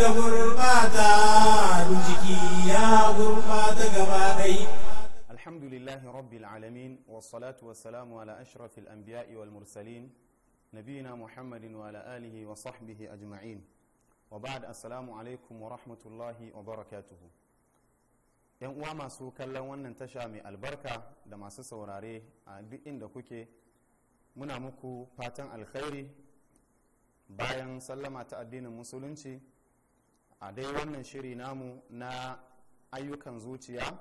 da gurbata jiki ya gurbata gaba ɗai alhamdulillahi rabbil alamin wassalatu wassalamu ala ashrafil anbiya'i wal mursalin nabiyina muhammadin wa ala alihi wa sahbihi ajma'in wa ba'd assalamu alaikum wa rahmatullahi wa barakatuhu yan uwa masu kallon wannan tasha mai albarka da masu saurare a duk inda kuke muna muku fatan alkhairi bayan sallama ta addinin musulunci a dai wannan shiri namu na ayyukan zuciya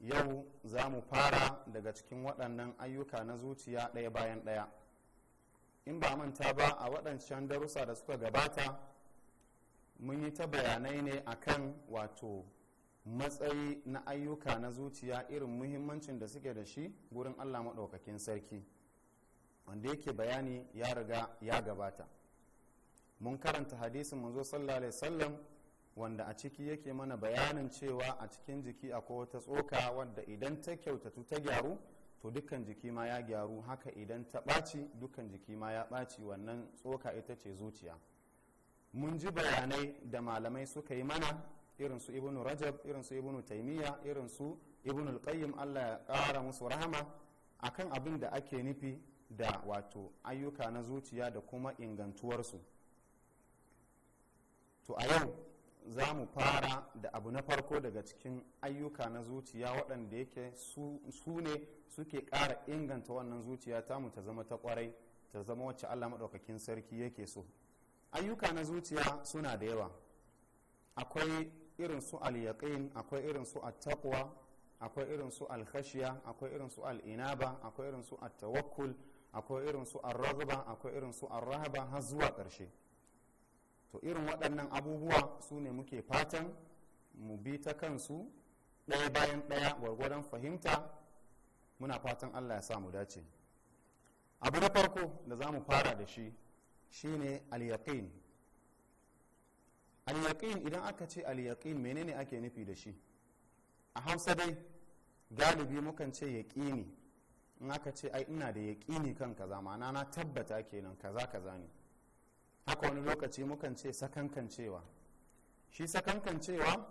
yau za mu fara daga cikin waɗannan ayyuka na zuciya ɗaya bayan ɗaya in ba manta ba a waɗancan darussa da suka gabata mun yi ta bayanai ne akan wato matsayi na ayyuka na zuciya irin muhimmancin da suke da shi gurin allah maɗaukakin sarki wanda yake bayani ya riga ya gabata mun karanta hadisin manzo sallallahu alaihi wasallam wanda a ciki yake mana bayanin cewa a cikin jiki akwai wata tsoka wanda idan ta kyautatu ta gyaru to dukkan jiki ma ya gyaru haka idan ta ɓaci dukkan jiki ma ya ɓaci wannan tsoka ita ce zuciya mun ji bayanai da malamai suka yi mana irin su ibnu rajab irin su ibnu taimiyya irin su ibnu alqayyim Allah ya ƙara musu rahama akan abin da ake nufi da wato ayyuka na zuciya da kuma ingantuwarsu to a yau za mu fara da abu na farko daga cikin ayyuka na zuciya waɗanda yake su ne suke ƙara inganta wannan zuciya tamu ta zama ta ƙwarai ta zama wacce allah maɗaukakin sarki yake so ayyuka na zuciya suna da yawa akwai irin su alyaƙin akwai irin su attaƙwa akwai irin su alkashiya akwai irin su al'inaba akwai irin su at akwai irin su arraba akwai irin su har zuwa ƙarshe to irin waɗannan abubuwa su ne muke fatan mu bi ta kansu ɗaya bayan ɗaya gwargwadon fahimta muna fatan allah ya sa mu dace abu na farko da za mu fara da shi shine al-yaqin al idan aka ce al-yaqin menene ake nufi da shi a hausa dai galibi mukan ce yaƙini in aka ce ai ina da yaƙini kan kaza ma'ana na tabbata kenan kaza kaza ne haka wani lokaci mukan ce sakankancewa shi sakankancewa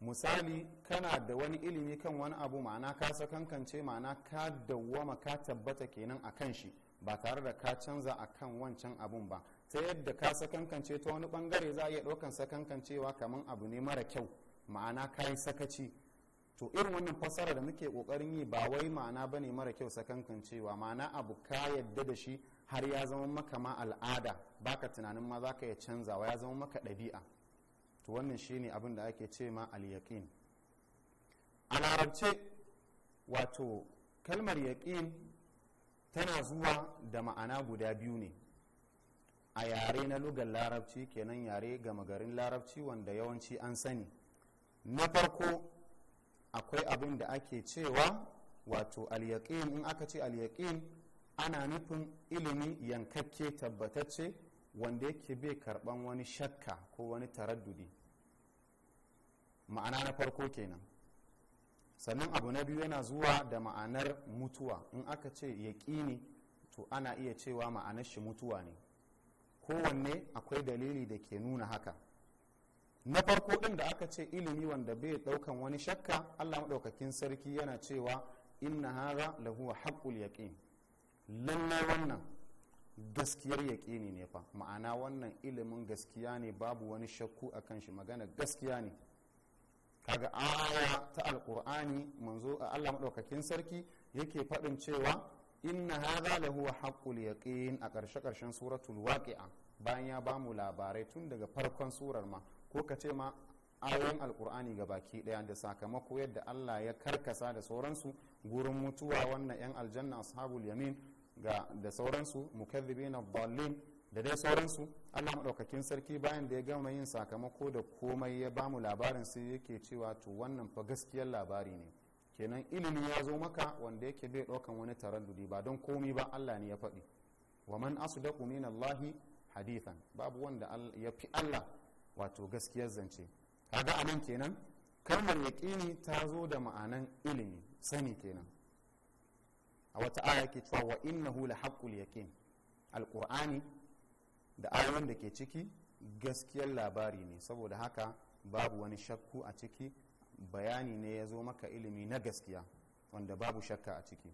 misali kana da wani ilimi kan wani abu ma'ana ka sakankance ma'ana ka dawwama ka tabbata kenan a kan shi ba tare da ka canza a kan wancan abun ba ta yadda ka sakankance ta wani bangare za a iya ɗaukan sakankancewa kamar abu ne mara kyau ma'ana ka yi sakaci to irin wannan fassara da muke kokarin yi ba wai ma'ana ba ne mara kyau sakankancewa ma'ana abu ka yadda da shi har ya zama maka ma al'ada baka tunanin ma zaka ya canzawa ya zama maka ɗabi'a to wannan shine abin da ake ce ma al-yaqin a larabce wato kalmar yaƙin tana zuwa da ma'ana guda biyu ne a yare na lugar larabci kenan yare gama garin larabci wanda yawanci an sani na farko akwai abin da ake cewa wato alyaƙin in aka ce alyaƙin ana nufin ilimi yankakke tabbatacce wanda yake bai karban wani shakka ko wani taraddudi ma'ana na farko kenan sannan abu na biyu yana zuwa da ma'anar mutuwa in aka ce yaƙini to ana iya cewa ma'anar shi mutuwa ne kowanne akwai dalili da ke nuna haka na farko ɗin da aka ce ilimi wanda bai ɗaukan wani shakka allah maɗaukakin sarki yana cewa inna hara lahuwa haƙul yaƙin lallai wannan gaskiyar yaƙini ne fa ma'ana wannan ilimin gaskiya ne babu wani shakku a kan shi magana gaskiya ne kaga aya ta alƙur'ani manzo a allah maɗaukakin sarki yake faɗin cewa inna haza lahu huwa haqqul yaqin a ƙarshe ƙarshen suratul waqi'a bayan ya bamu labarai tun daga farkon surar ma ko ka ce ma ayoyin alƙur'ani ga baki ɗaya da sakamako yadda allah ya karkasa da sauransu gurin mutuwa wannan yan aljanna ashabul yamin ga da sauransu na dhallin da dai sauransu Allah madaukakin sarki bayan da ya gama yin sakamako da komai ya bamu labarin sai yake cewa to wannan fa gaskiyar labari ne kenan ilimi ya zo maka wanda yake bai daukan wani taraddudi ba don komai ba Allah ne ya faɗi wa man asdaqu min Allah hadithan babu wanda ya fi Allah wato gaskiyar zance kaga anan kenan kalmar yaqini ta zo da ma'anan ilimi sani kenan a wata aya ke cewa wa inna la haqqul yaqin alƙur'ani da ayoyin da ke ciki gaskiyar labari ne saboda haka babu wani shakku a ciki bayani ne ya zo maka ilimi na gaskiya wanda babu shakka a ciki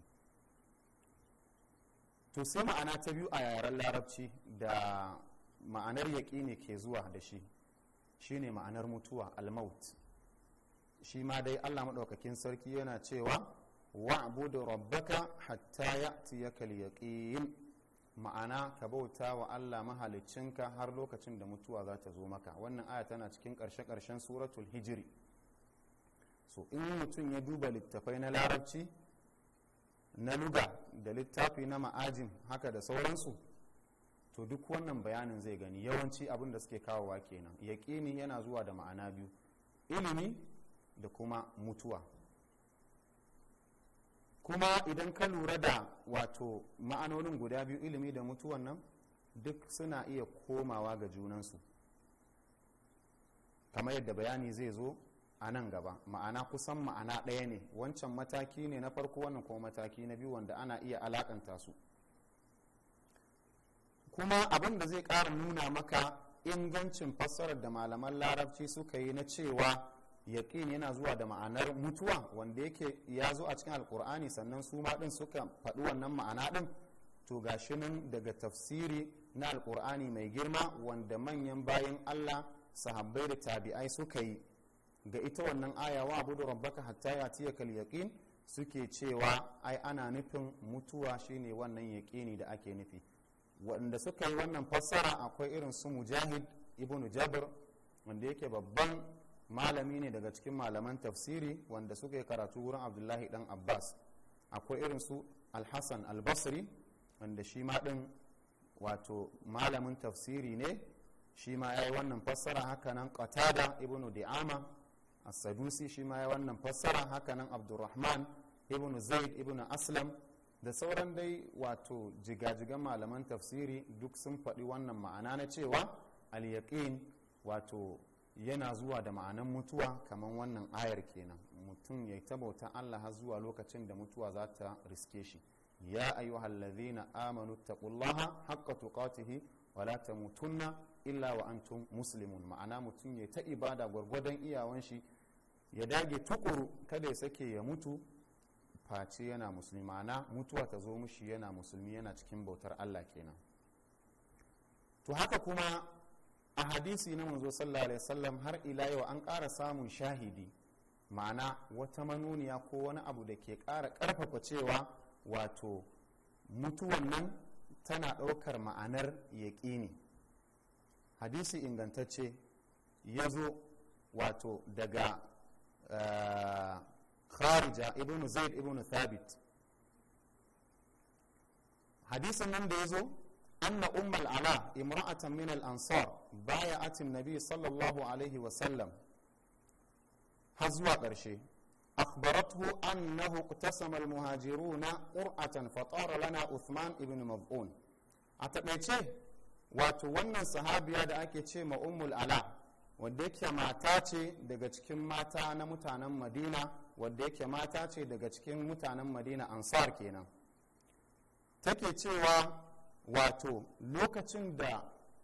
to sai ma'ana ta biyu a yaren larabci da ma'anar yaƙi ne ke zuwa da shi shi ne ma'anar mutuwa almaut shi ma dai allah maɗaukakin sarki yana cewa wa'budu rabbaka hatta ya'tiyaka al-yaqin ma'ana ka bauta wa Allah mahaliccinka har lokacin da mutuwa za ta zo maka wannan aya tana cikin karshe karshen suratul hijri so in mutum ya duba littafai na larabci na luga da littafi na ma'ajin haka da sauransu to duk wannan bayanin zai gani yawanci abin da suke kawo kawowa kenan yaƙini yana zuwa da ma'ana biyu ilimi da kuma mutuwa kuma idan ka lura da wato ma'anonin guda biyu ilimi da mutuwan nan duk suna iya komawa ga junansu kamar yadda bayani zai zo a nan gaba ma'ana kusan ma'ana ɗaya ne wancan mataki ne na farko wannan kuma mataki na biyu wanda ana iya alakanta su kuma abin da zai ƙara nuna maka ingancin fassarar da malaman larabci suka yi na cewa yaƙin yana zuwa da ma'anar mutuwa wanda yake ya zo a cikin alkur'ani sannan su ma ɗin suka faɗi wannan ma'ana ɗin to shi nan daga tafsiri na alkur'ani mai girma wanda manyan bayan allah sahabbai da tabi'ai suka yi ga ita wannan aya wa abudu rabbaka hatta yatiyakal yaqin suke cewa ai ana nufin mutuwa shine wannan yaƙini da ake nufi wanda suka yi wannan fassara akwai irin su mujahid ibnu jabir wanda yake babban malami ne daga cikin malaman tafsiri wanda suka yi karatu wurin abdullahi dan abbas akwai irin su alhassan albasri wanda shi ma din wato malamin tafsiri ne shi ma ya yi wannan fassara hakanan qatada ibnu di'ama as-sadusi shi ma ya yi wannan fassara hakanan abdurrahman ibnu zaid ibnu aslam da sauran dai wato jigajigan malaman tafsiri duk sun faɗi wannan ma'ana na cewa al-yaqin wato yana zuwa da ma'anan mutuwa kamar wannan ayar kenan mutum ya ta bautan Allah har zuwa lokacin da mutuwa za ta riske shi ya hallazi na amanu taqullaha haƙƙa tuqatihi wa la mutunna illa wa antum muslimun ma'ana mutum ya ta ibada gwargwadon iyawan shi ya dage tukuru kada ya sake ya mutu face yana musulmi ma'ana mutuwa ta zo mushi yana musulmi yana cikin bautar Allah kenan to haka kuma a hadisi na manzo sallallahu alaihi wasallam har ila yau an ƙara samun shahidi ma'ana wata manuniya ko wani abu da ke ƙara ƙarfafa cewa wato mutuwan nan tana ɗaukar ma'anar yaƙini hadisi ingantacce ya zo wato daga eh, kharija ibn zaid ibn thabit hadisin nan da ya zo أن أم العلاء امرأة من الأنصار بايعت النبي صلى الله عليه وسلم هزوا قرشي أخبرته أنه اقتسم المهاجرون قرأة فطار لنا عثمان بن مضعون أتقيتي واتوانا صحابي هذا أكيتي ما أم العلاء wadda yake mata ce daga cikin mata na mutanen madina wadda yake mata ce daga cikin mutanen madina ansar kenan take cewa wato lokacin da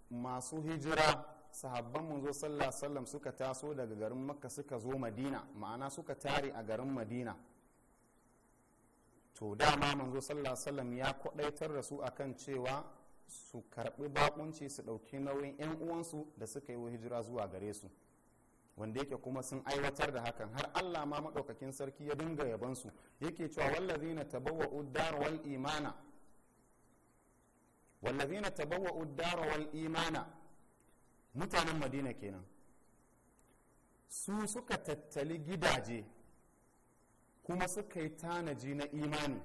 masu hijira sahabban manzo sallallahu wasallam suka taso daga garin makka suka zo madina ma'ana suka tare a garin madina to dama manzo sallallahu wasallam ya kwadaitar da su akan cewa su karbi bakunci su dauki nauyin yan uwansu da suka yi hijira zuwa gare su wanda yake kuma sun aiwatar da hakan har Allah ma madaukakin sarki ya dinga yabansu yake cewa wallazina tabawwa'u dar wal imana wallazina tabawwa'u ad-dara wal imana mutanen madina kenan su suka tattali gidaje kuma suka yi tanaji na imani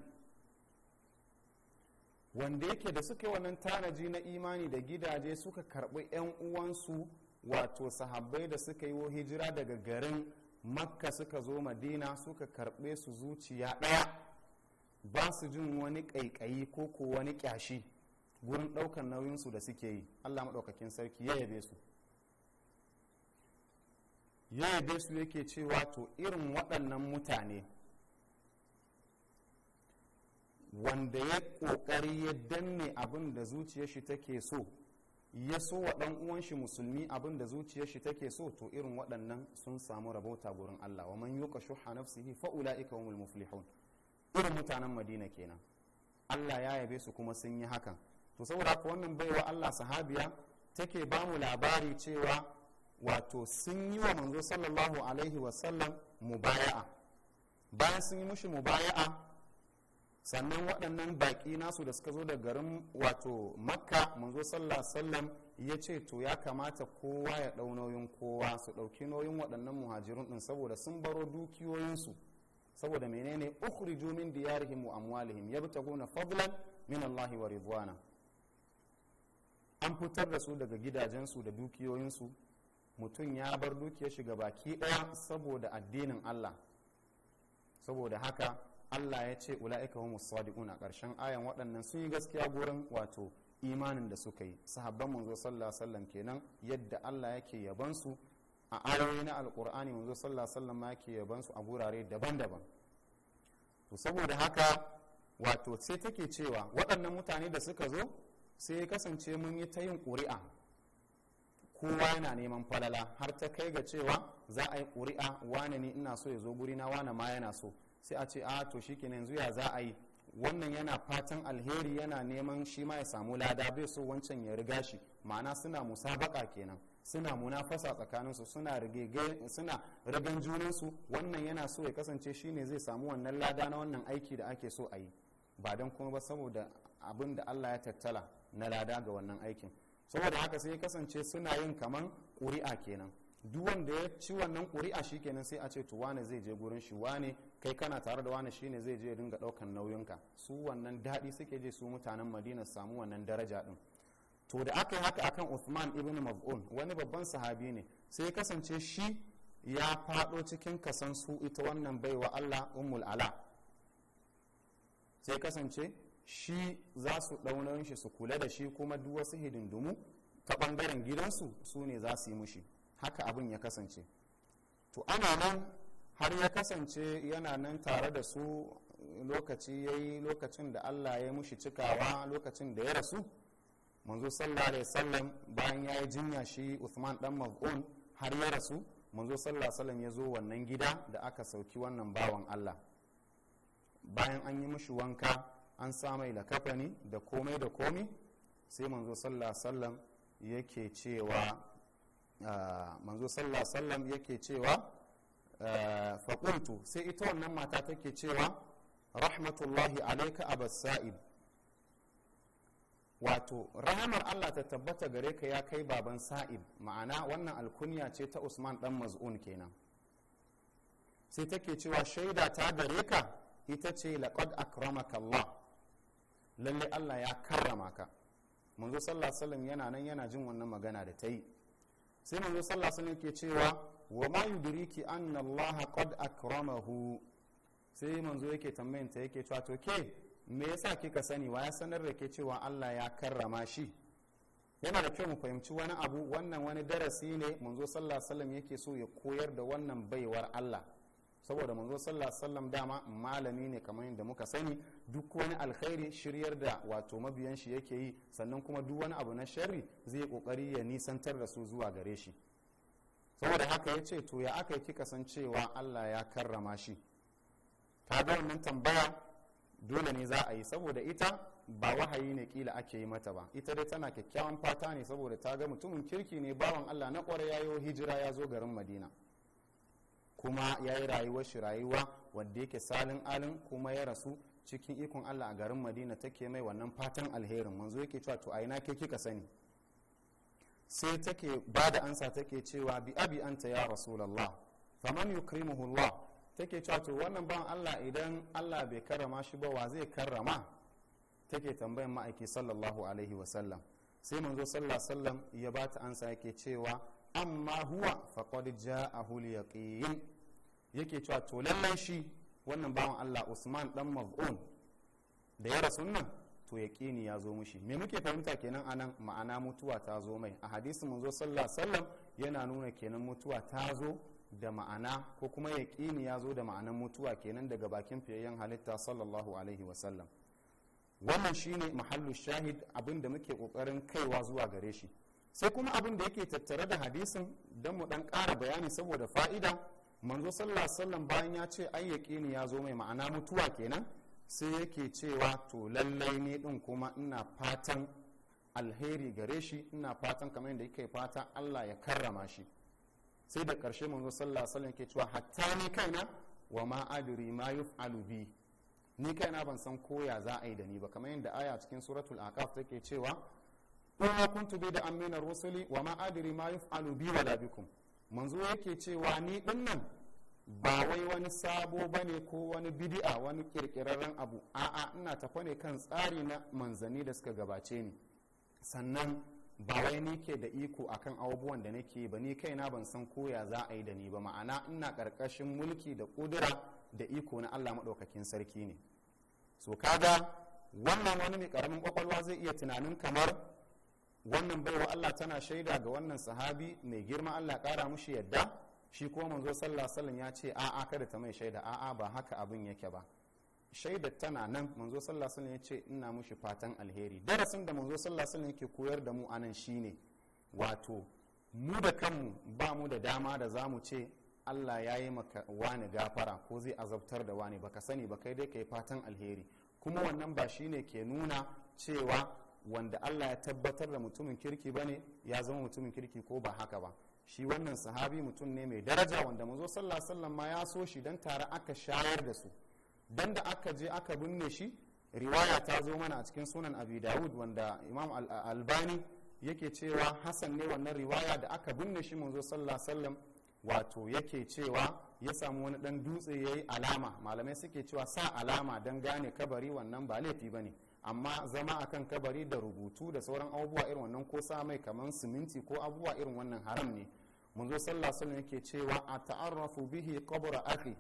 wanda yake da suka yi wannan tanaji na imani da gidaje suka karɓi 'yan uwansu wato sahabbai da suka yi hijira daga garin makka suka zo madina suka karbe su zuciya ɗaya ba su jin wani ƙaiƙayi ko ko wani ƙyashi gurin ɗaukar nauyinsu da suke yi allah maɗaukakin sarki ya yabe su ya yabe su yake cewa to irin waɗannan mutane wanda ya ƙoƙari ya danne abin da zuciyar shi take so ya so wa uwan shi musulmi abin da zuciyar shi take so to irin waɗannan sun samu rabota gurin Allah wa man yuka shuha nafsihi fa ulaika humul muflihun irin mutanen Madina kenan Allah ya yabe su kuma sun yi hakan to saboda haka wannan baiwa Allah sahabiya take ba mu labari cewa wato sun yi wa manzo sallallahu alaihi wasallam mubaya'a bayan sun yi mushi mubaya'a sannan waɗannan baƙi nasu da suka zo da garin wato makka manzo sallallahu sallam ya ce to ya kamata kowa ya ɗau nauyin kowa su ɗauki nauyin waɗannan muhajirun ɗin saboda sun baro dukiyoyinsu saboda menene ukhrijumin diyarihim wa amwalihim yabtaguna fadlan min allahi wa ridwana an fitar da su daga gidajensu da dukiyoyinsu mutum ya bar dukiyar shiga baki ɗaya saboda addinin allah saboda haka allah ya ce ula'ika musu sadiqun a ƙarshen ayan waɗannan sun yi gaskiya gurin wato imanin da suka yi sahabban manzo sallallahu sallam kenan yadda allah yake yaban su a ayoyi na Alƙur'ani manzo sallallahu sallam ma yake yaban su a gurare daban-daban to saboda haka wato sai take cewa waɗannan mutane da suka zo sai ya kasance mun yi ta yin ƙuri'a kowa yana neman falala har ta kai ga cewa za a yi ƙuri'a wane ne ina so ya zo gurina wane ma yana so sai a ce a to ke yanzu ya za a yi wannan yana fatan alheri yana neman shi ma ya samu lada bai so wancan ya riga shi ma'ana suna musabaka kenan suna munafasa tsakaninsu suna suna rigan junansu wannan yana so ya kasance shi ne zai samu wannan lada na wannan aiki da ake so a yi ba don kuma ba saboda abin da allah ya tattala na lada ga wannan aikin saboda haka sai kasance suna yin kaman ƙuri'a kenan duk wanda ya ci wannan ƙuri'a shi kenan sai a ce to wane zai je gurin shi wane kai kana tare da wane ne zai je dinga ɗaukan nauyinka su wannan daɗi suke je su mutanen madina samu wannan daraja din? to da aka yi haka akan Usman ibn Maf'un wani babban sahabi ne sai kasance shi ya faɗo cikin kasan su ita wannan baiwa Allah ummul ala sai kasance shi za su ɗaunan shi su kula da shi kuma duk wasu hidindumu ta ɓangaren gidansu su ne za su yi mushi haka abin ya kasance to ana nan har ya kasance yana nan tare da su lokaci ya yi lokacin da allah ya mushi cikawa lokacin da ya rasu manzo sallallahu alaihi wasallam bayan ya yi jinya shi usman dan maz'un har ya rasu manzo sallallahu alaihi wasallam ya zo wannan gida da aka sauki wannan bawan allah bayan an yi mushi wanka an sa mai lakafani da komai da komai sai manzo sallam yake cewa ah, manzo sallam yake cewa ah, faƙuntu sai ita wannan mata take cewa rahmatullahi alaika abas sa'id wato rahamar allah ta tabbata gare ka ya kai baban sa'id ma'ana wannan alkunya ce ta usman dan maz'un kenan sai take cewa shaida ta gare ka ita ce laqad akramaka allah lalle Allah ya karrama ka manzo sallallahu alaihi yana nan yana jin wannan magana da ta yi sai manzo sallallahu alaihi wasallam ke cewa wa ma yudriki anna Allah qad akramahu sai manzo yake tambayin ta yake cewa to ke me yasa kika sani wa ya sanar da ke cewa Allah ya karrama shi yana da kyau mu fahimci wani abu wannan wani darasi ne manzo sallallahu alaihi wasallam yake so ya koyar da wannan baiwar Allah saboda manzo sallallahu alaihi wasallam dama malami ne kamar yadda muka sani duk wani alkhairi shiryar da wato mabiyan shi yake yi sannan kuma duk wani abu na sharri zai kokari ya nisantar da su zuwa gare shi saboda haka ya ce to ya aka yi kika san cewa Allah ya karrama shi ta ga wannan tambaya dole ne za a yi saboda ita ba wahayi ne kila ake yi mata ba ita dai tana kyakkyawan fata ne saboda ta ga mutumin kirki ne bawan Allah na kwarai yayo hijira ya zo garin Madina kuma ya yi rayuwar shi rayuwa wanda yake salin alin kuma ya rasu cikin ikon allah a garin madina take mai wannan fatan alherin manzo yake cewa to a ina ke kika sani sai take ba da ansa take cewa bi abi anta ya rasulallah faman yukrimuhu allah take cewa to wannan ban allah idan allah bai karrama shi ba wa zai karrama take tambayan ma'aiki sallallahu alaihi sallam sai manzo sallallahu sallam ya bata ansa yake cewa amma huwa faqad ja'ahu yaqin yake cewa to lallai shi wannan bawan Allah Usman dan Maz'un da ya rasu nan to yaqini ya zo mushi me muke fahimta kenan anan ma'ana mutuwa ta zo mai a hadisin manzo sallallahu alaihi wasallam yana nuna kenan mutuwa ta zo da ma'ana ko kuma yaqini ya zo da ma'anan mutuwa kenan daga bakin fiyayyen halitta sallallahu alaihi wasallam wannan shine mahallu shahid abin da muke kokarin kaiwa zuwa gare shi sai kuma abin da yake tattare da hadisin dan mu dan ƙara bayani saboda fa'ida manzo sallallahu alaihi bayan ya ce ayyake ni ya zo mai ma'ana mutuwa kenan sai yake cewa to lallai ne din kuma ina fatan alheri gare shi ina fatan kamar yadda yake fata Allah ya karrama shi sai da ƙarshe manzo sallallahu alaihi wasallam yake cewa hatta ni kaina wa ma adri ma yuf'alu bi ni kaina ban san koya za a yi da ni ba kamar yadda aya cikin suratul aqaf take cewa kuma kuntu bi da amina rusuli wa ma adri ma yuf'alu bi wala bikum manzo yake cewa ni dinnan ba wai wani sabo bane ko wani bidi'a wani kirkirarren abu a'a ina tafa ne kan tsari na manzani da suka gabace ni sannan ba wai ni ke da iko akan abubuwan da nake ba ni kaina ban san koya za a yi da ni ba ma'ana ina karkashin mulki da kudura da iko na Allah maɗaukakin sarki ne so kaga wannan wani mai karamin kwakwalwa zai iya tunanin kamar wannan baiwa Allah tana shaida ga wannan sahabi mai girma Allah kara mushi yadda shi kuma manzo sallallahu alaihi wasallam ya ce a'a kada ta mai shaida a'a ba haka abin yake ba shaida tana nan manzo sallallahu alaihi wasallam ya ce ina mushi fatan alheri darasin da manzo sallallahu alaihi wasallam yake koyar da mu anan shine wato mu da kanmu ba mu da dama da za mu ce Allah ya yi maka wani gafara ko zai azabtar da wani baka sani ba kai dai kai fatan alheri kuma wannan ba shine ke nuna cewa wanda Allah ya tabbatar da mutumin kirki ba ne ya zama mutumin kirki ko ba haka ba shi wannan sahabi mutum ne mai daraja wanda manzo sallallahu alaihi ma ya so shi dan tare aka shayar da su dan da aka je aka binne shi riwaya ta zo mana a cikin sunan abi dawud wanda imam albani yake cewa Hassan ne wannan riwaya da aka binne shi manzo sallallahu alaihi wato yake cewa ya samu wani dan dutse ya yi alama malamai suke cewa sa alama dan gane kabari wannan ba laifi bane amma zama akan kabari da rubutu da sauran abubuwa irin wannan ko sa mai kamar siminti ko abubuwa irin wannan haram ne manzo sallah sallah yake cewa a ta'arrafu bihi qabra akhi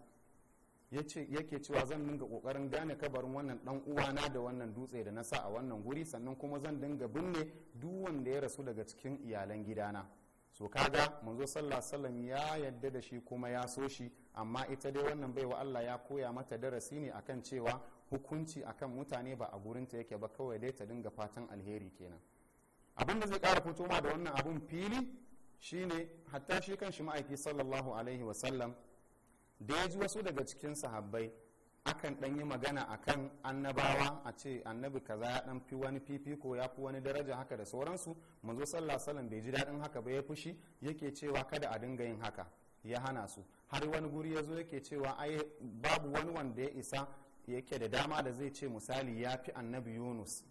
yace yake cewa zan dinga kokarin gane kabarin wannan dan uwana da wannan dutse da na sa a wannan guri sannan kuma zan dinga binne duk wanda ya rasu daga cikin iyalan gidana so kaga manzo sallah alaihi ya yadda da shi kuma ya so shi amma ita dai wannan baiwa Allah ya koya mata darasi ne akan cewa hukunci akan mutane ba a gurinta yake ba kawai dai ta dinga fatan alheri kenan abin da zai kara fito ma da wannan abun fili shine hatta shi kan shi ma'aiki sallallahu alaihi wasallam da ya ji wasu daga cikin sahabbai akan dan yi magana akan annabawa a ce annabi kaza ya dan fi wani fifiko ya fi wani daraja haka da sauransu manzo sallallahu alaihi wasallam bai ji dadin haka ba ya fushi yake cewa kada a dinga yin haka ya hana su har wani guri ya zo yake cewa ai babu wani wanda ya isa yake da dama da zai ce misali ya fi annabi yunus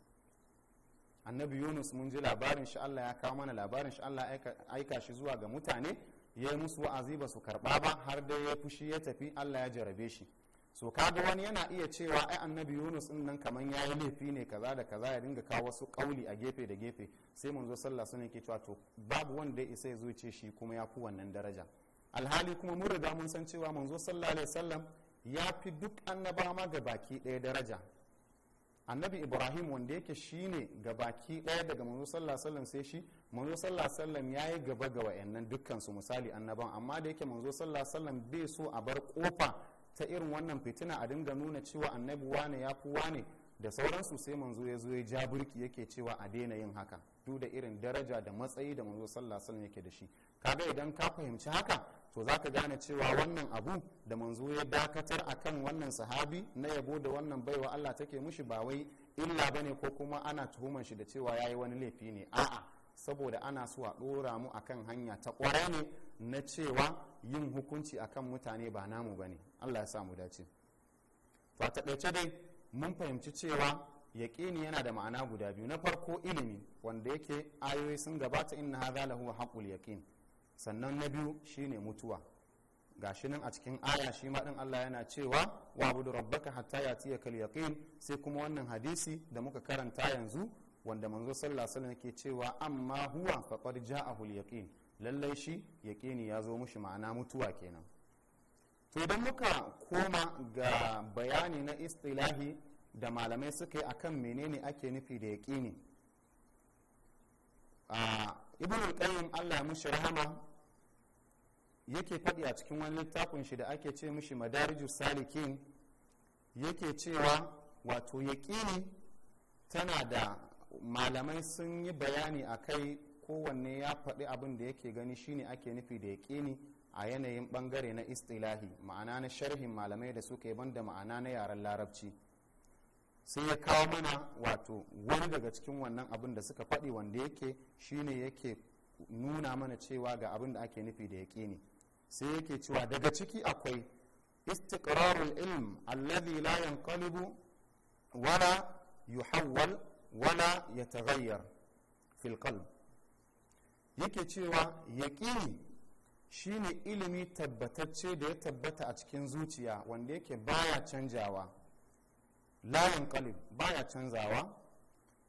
annabi yunus mun ji labarin shi allah ya kawo mana labarin shi allah aika shi zuwa ga mutane ya yi musu wa'azi ba su karba ba har dai ya fushi ya tafi allah ya jarabe shi so kaga wani yana iya cewa ai annabi yunus din nan kaman ya yi laifi ne kaza da kaza ya dinga kawo wasu kauli a gefe da gefe sai mun zo sallah sunan ke cewa to babu wanda ya isa ya zo ce shi kuma ya fi wannan daraja alhali kuma mun riga mun san cewa manzo sallallahu alaihi wasallam ya fi duk annaba ma ga baki ɗaya daraja annabi ibrahim wanda yake shine ga baki ɗaya daga manzo sallallahu sai shi manzo sallallahu alaihi wasallam yayi gaba ga wayannan dukkan su misali annaban amma da yake manzo sallallahu bai so a bar kofa ta irin wannan fitina a dinga nuna cewa annabi wane ya fi wane da sauransu sai manzo ya zo ya ja burki yake cewa a daina yin haka duk da irin daraja da matsayi da manzo sallallahu alaihi yake da shi kaga idan ka fahimci haka to zaka gane cewa wannan abu da manzo ya dakatar akan wannan sahabi na yabo da wannan baiwa Allah take mushi ba wai illa bane ko kuma ana tuhuman shi da cewa yayi wani laifi ne a'a saboda ana so a dora mu akan hanya ta kwara ne na cewa yin hukunci akan mutane ba namu bane Allah ya sa mu dace to a taƙaice dai mun fahimci cewa yaƙini yana da ma'ana guda biyu na farko ilimi wanda yake ayoyi sun gabata inna hadha lahu haqqul yakin sannan na biyu shine mutuwa gashi nan a cikin aya shi ma din Allah yana cewa wa abudu rabbaka hatta yatiyaka al-yaqin sai kuma wannan hadisi da muka karanta yanzu wanda manzo sallallahu alaihi wasallam yake cewa amma huwa faqad ja'ahu al-yaqin lallai shi yaqini ya zo mushi ma'ana mutuwa kenan to idan muka koma ga bayani na istilahi da malamai suka yi akan menene ake nufi da yaƙini ibn al-qayyim Allah ya mushi rahama yake faɗi a cikin wani littafin shi da ake ce mushi madariju salikin yake cewa wato yaƙini tana da malamai sun yi bayani a kai kowanne ya faɗi abin da yake gani shine ake nufi da yaƙini a yanayin bangare na istilahi ma'ana na sharhin malamai da suka yi banda ma'ana na yaren larabci sai ya kawo mana wato wani daga cikin wannan abin da suka faɗi wanda yake shine yake nuna mana cewa ga abin da ake nufi da yaƙini sai yake cewa daga ciki akwai istiqrarul ilm alladhi la yanqalibu wala yuhawwal wala yataghayyar fil qalb yake cewa yaƙini ne ilimi tabbatacce da ya tabbata a cikin zuciya wanda yake baya canjawa layin kalib baya canzawa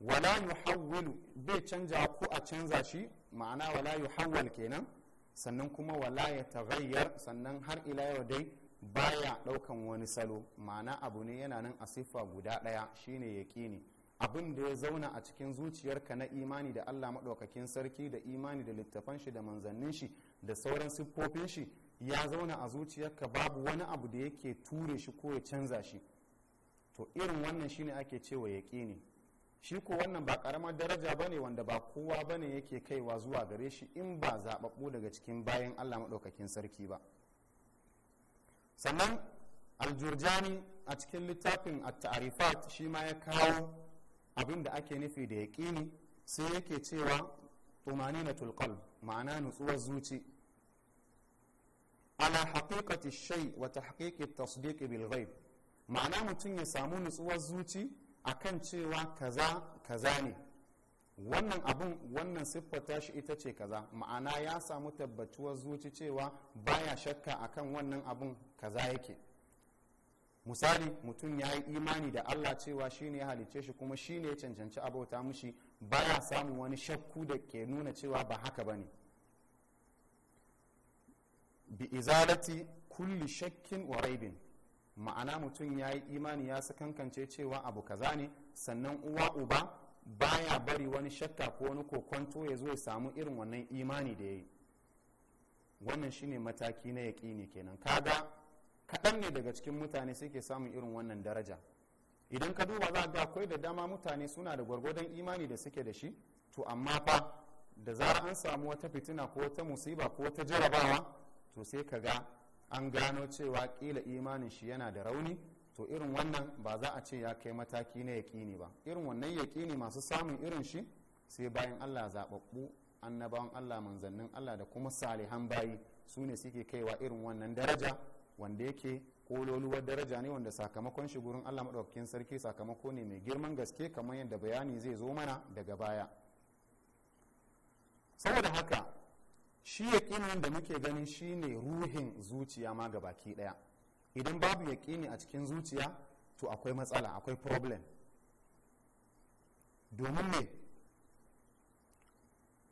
wala yuhawwilu bai canja ko a canza shi ma'ana wala yuhawwal kenan sannan kuma wala ya tagayyar sannan har ila yau dai baya daukan wani salo ma'ana abu ne yana nan a siffa guda daya shine yaqini abin da ya zauna a cikin zuciyarka na imani da allah maɗaukakin sarki da imani da littafan shi da manzannin shi da sauran siffofin shi ya zauna a zuciyarka babu wani abu da yake ture shi ko ya canza shi to irin wannan shine ake cewa ya ne, shi ko wannan ba karamar daraja ba ne wanda ba kowa ba ne yake kaiwa zuwa gare shi in ba zaɓaɓɓu daga cikin bayan allah maɗaukakin sarki ba sannan aljurjani a cikin littafin at-ta'rifat shi ma ya kawo abin da ake nufi da yaƙini sai yake cewa na tulƙal ma'ana nutsuwar zuci ala haƙiƙati shai wata haƙiƙi tasdiq bil ghaib ma'ana mutum ya samu nutsuwar zuci akan cewa kaza kaza ne wannan abun wannan siffata shi ita ce kaza ma'ana ya samu tabbatuwar zuci cewa baya shakka akan wannan abun kaza yake misali mutum ya yi imani da allah cewa shine ya halicce shi kuma shine ya cancanci abota mushi ba ya samun wani shakku da ke nuna cewa ba haka ba ne bi izalati kulli shakkin wa raibin ma'ana mutum ya yi imani ya sakankance cewa abu kaza ne sannan uwa uba baya bari wani shakka ko wani kokonto ya zo ya samu irin wannan imani da ya yi wannan shine mataki na yaƙini kenan kaga kaɗan ne daga cikin mutane suke samun irin wannan daraja idan ka duba za ga akwai da dama mutane suna da gwargwadon imani da suke da shi to amma fa da zara an samu wata fitina ko wata musiba ko wata jarabawa to sai ka ga an gano cewa kila imanin shi yana da rauni to irin wannan ba za a ce ya kai mataki na yaƙini ba irin wannan yaƙini masu samun irin shi sai bayan allah zaɓaɓɓu annabawan allah manzannin allah da kuma salihan bayi su ne suke kaiwa irin wannan daraja wanda yake kololuwar daraja ne wanda sakamakon shi gurin Allah maɗaukakin sarki sakamako ne mai girman gaske kamar yadda bayani zai zo mana daga baya saboda haka shi yaƙinin da muke ganin shi ne ruhin zuciya ma ga baki ɗaya idan babu yaƙini a cikin zuciya to akwai matsala akwai problem domin me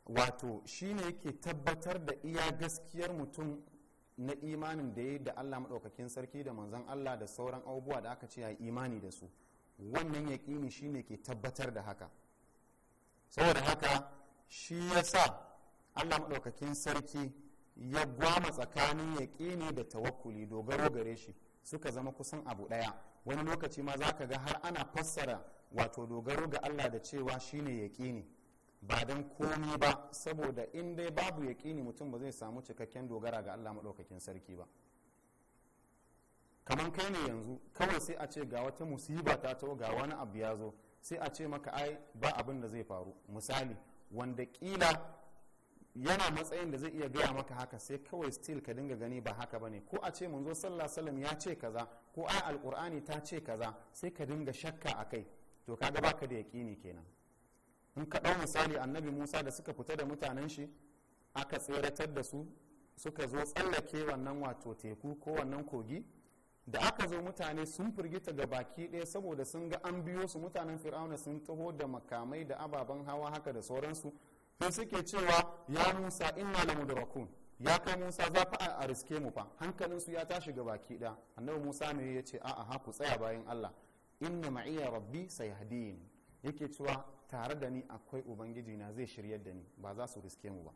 wato shi ne yake tabbatar da iya gaskiyar mutum na imanin da ya da Allah maɗaukakin sarki da manzon Allah da sauran abubuwa da aka ce ya imani da su wannan shi ne ke tabbatar da haka saboda haka shi ya sa Allah maɗaukakin sarki ya gwama tsakanin yaƙini da tawakkuli dogaro gare shi suka zama kusan abu ɗaya wani lokaci ma za ka ga har ana fassara wato dogaro ga Allah da cewa shine yaƙini ba don komi ba saboda in dai babu yaƙini mutum ba zai samu cikakken dogara ga allah maɗaukakin sarki ba kamar kai ne yanzu kawai sai a ce ga wata musiba ta taho ga wani abu ya zo sai a ce maka ai ba abin da zai faru misali wanda ƙila yana matsayin da zai iya gaya maka haka sai kawai still ka dinga gani ba haka bane ko a ce mun zo sallah salam ya ce kaza ko ai alkur'ani ta ce kaza sai ka dinga shakka a kai to kaga baka da yaƙini kenan in ka ɗau misali annabi musa da suka fita da mutanen shi aka tseratar da su suka zo tsallake wannan wato teku ko wannan kogi da aka zo mutane sun firgita ga baki ɗaya saboda sun ga an biyo su mutanen fir'auna sun taho da makamai da ababen hawa haka da sauransu sai suke cewa ya musa inna da mudrakun ya kai musa za fa a riske mu fa hankalin su ya tashi ga baki ɗaya annabi musa ne ya ce a'a ha ku tsaya bayan allah inna ma'iya rabbi sayahdin yake cewa tare da ni akwai ubangiji na zai shiryar da ni ba za su riske mu ba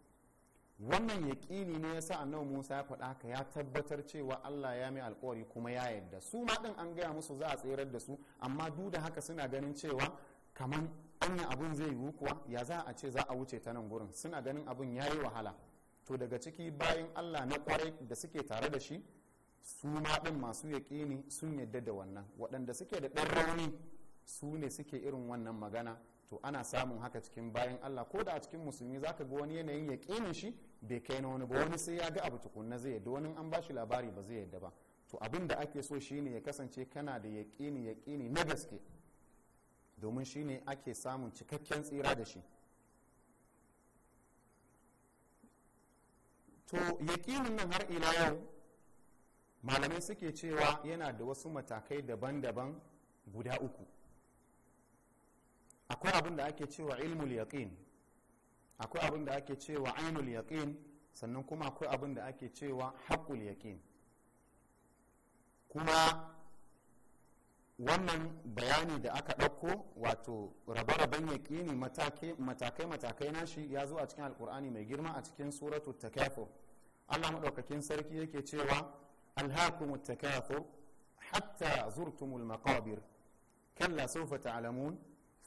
wannan yaƙini ne yasa annabi Musa ya faɗa haka ya tabbatar cewa Allah ya mai alƙawari kuma ya yarda su ma ɗin an gaya musu za a tserar da su amma duk da haka suna ganin cewa kaman anya abun zai yiwu kuwa ya za a ce za a wuce ta nan gurin suna ganin abun ya yi wahala to daga ciki bayan Allah na kwarai da suke tare da shi su ma ɗin masu yaƙini sun yarda da wannan waɗanda suke da ɗan rauni su ne suke irin wannan magana to ana samun haka cikin bayan Allah ko da a cikin musulmi zaka ga wani yanayin ya kinin shi bai kai na wani ba wani sai ya ga abu tukunna zai yadda wani an bashi labari ba zai yadda ba to abin da ake so shine ya kasance kana da yaƙini yaƙini na gaske domin shine ake samun cikakken tsira da shi to yaƙinin nan har ila yau malamai suke cewa yana da wasu matakai daban-daban guda uku akwai abin da ake cewa ilmul yaqin akwai abin da ake cewa ainul yaqin sannan kuma akwai abin da ake cewa haqqul yaqin kuma wannan bayani da aka ɗauko wato rabe-raben yaƙini matakai-matakai nashi ya zo a cikin alkur'ani mai girma a cikin suratu takafur allah maɗaukakin sarki yake cewa alhakumu takafur hatta zurtumul maqabir kalla sawfa ta'lamun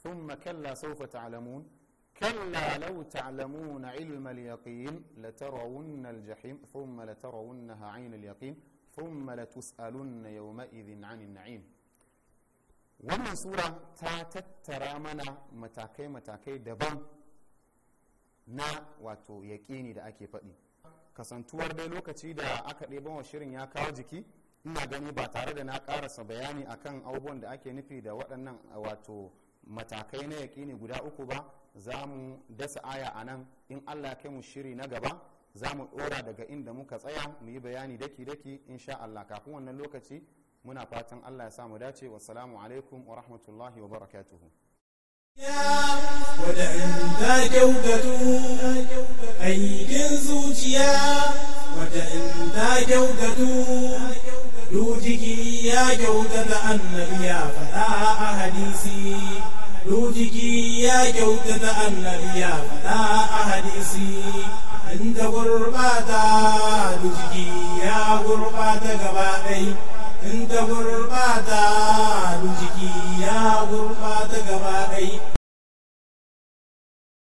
ثم كلا سوف تعلمون كلا لو تعلمون علم اليقين لترون الجحيم ثم لترونها عين اليقين ثم لتسألن يومئذ عن النعيم wannan sura ta tattara mana matakai-matakai daban na wato yaƙini da ake faɗi kasantuwar dai lokaci da aka ɗeban wa shirin ya kawo jiki ina gani ba tare da na ƙarasa bayani akan abubuwan da ake nufi da waɗannan wato matakai na yaƙini guda uku ba za mu dasa aya a nan in allah kai mu shiri na gaba za mu ɗora daga inda muka tsaya mu yi bayani daki-daki insha allah kafin wannan lokaci muna fatan allah ya samu dace wasalamu alaikum wa rahmatullahi wa barakatuhu wadanda kyautatu aikin zuciya ya kyauta da faɗa a hadisi rujiki ya kyautata annabi ya na a hadisi in ta gurɓata rujiki ya gurɓata gaba ɗai in ta gurɓata rujiki ya gurɓata gaba ɗai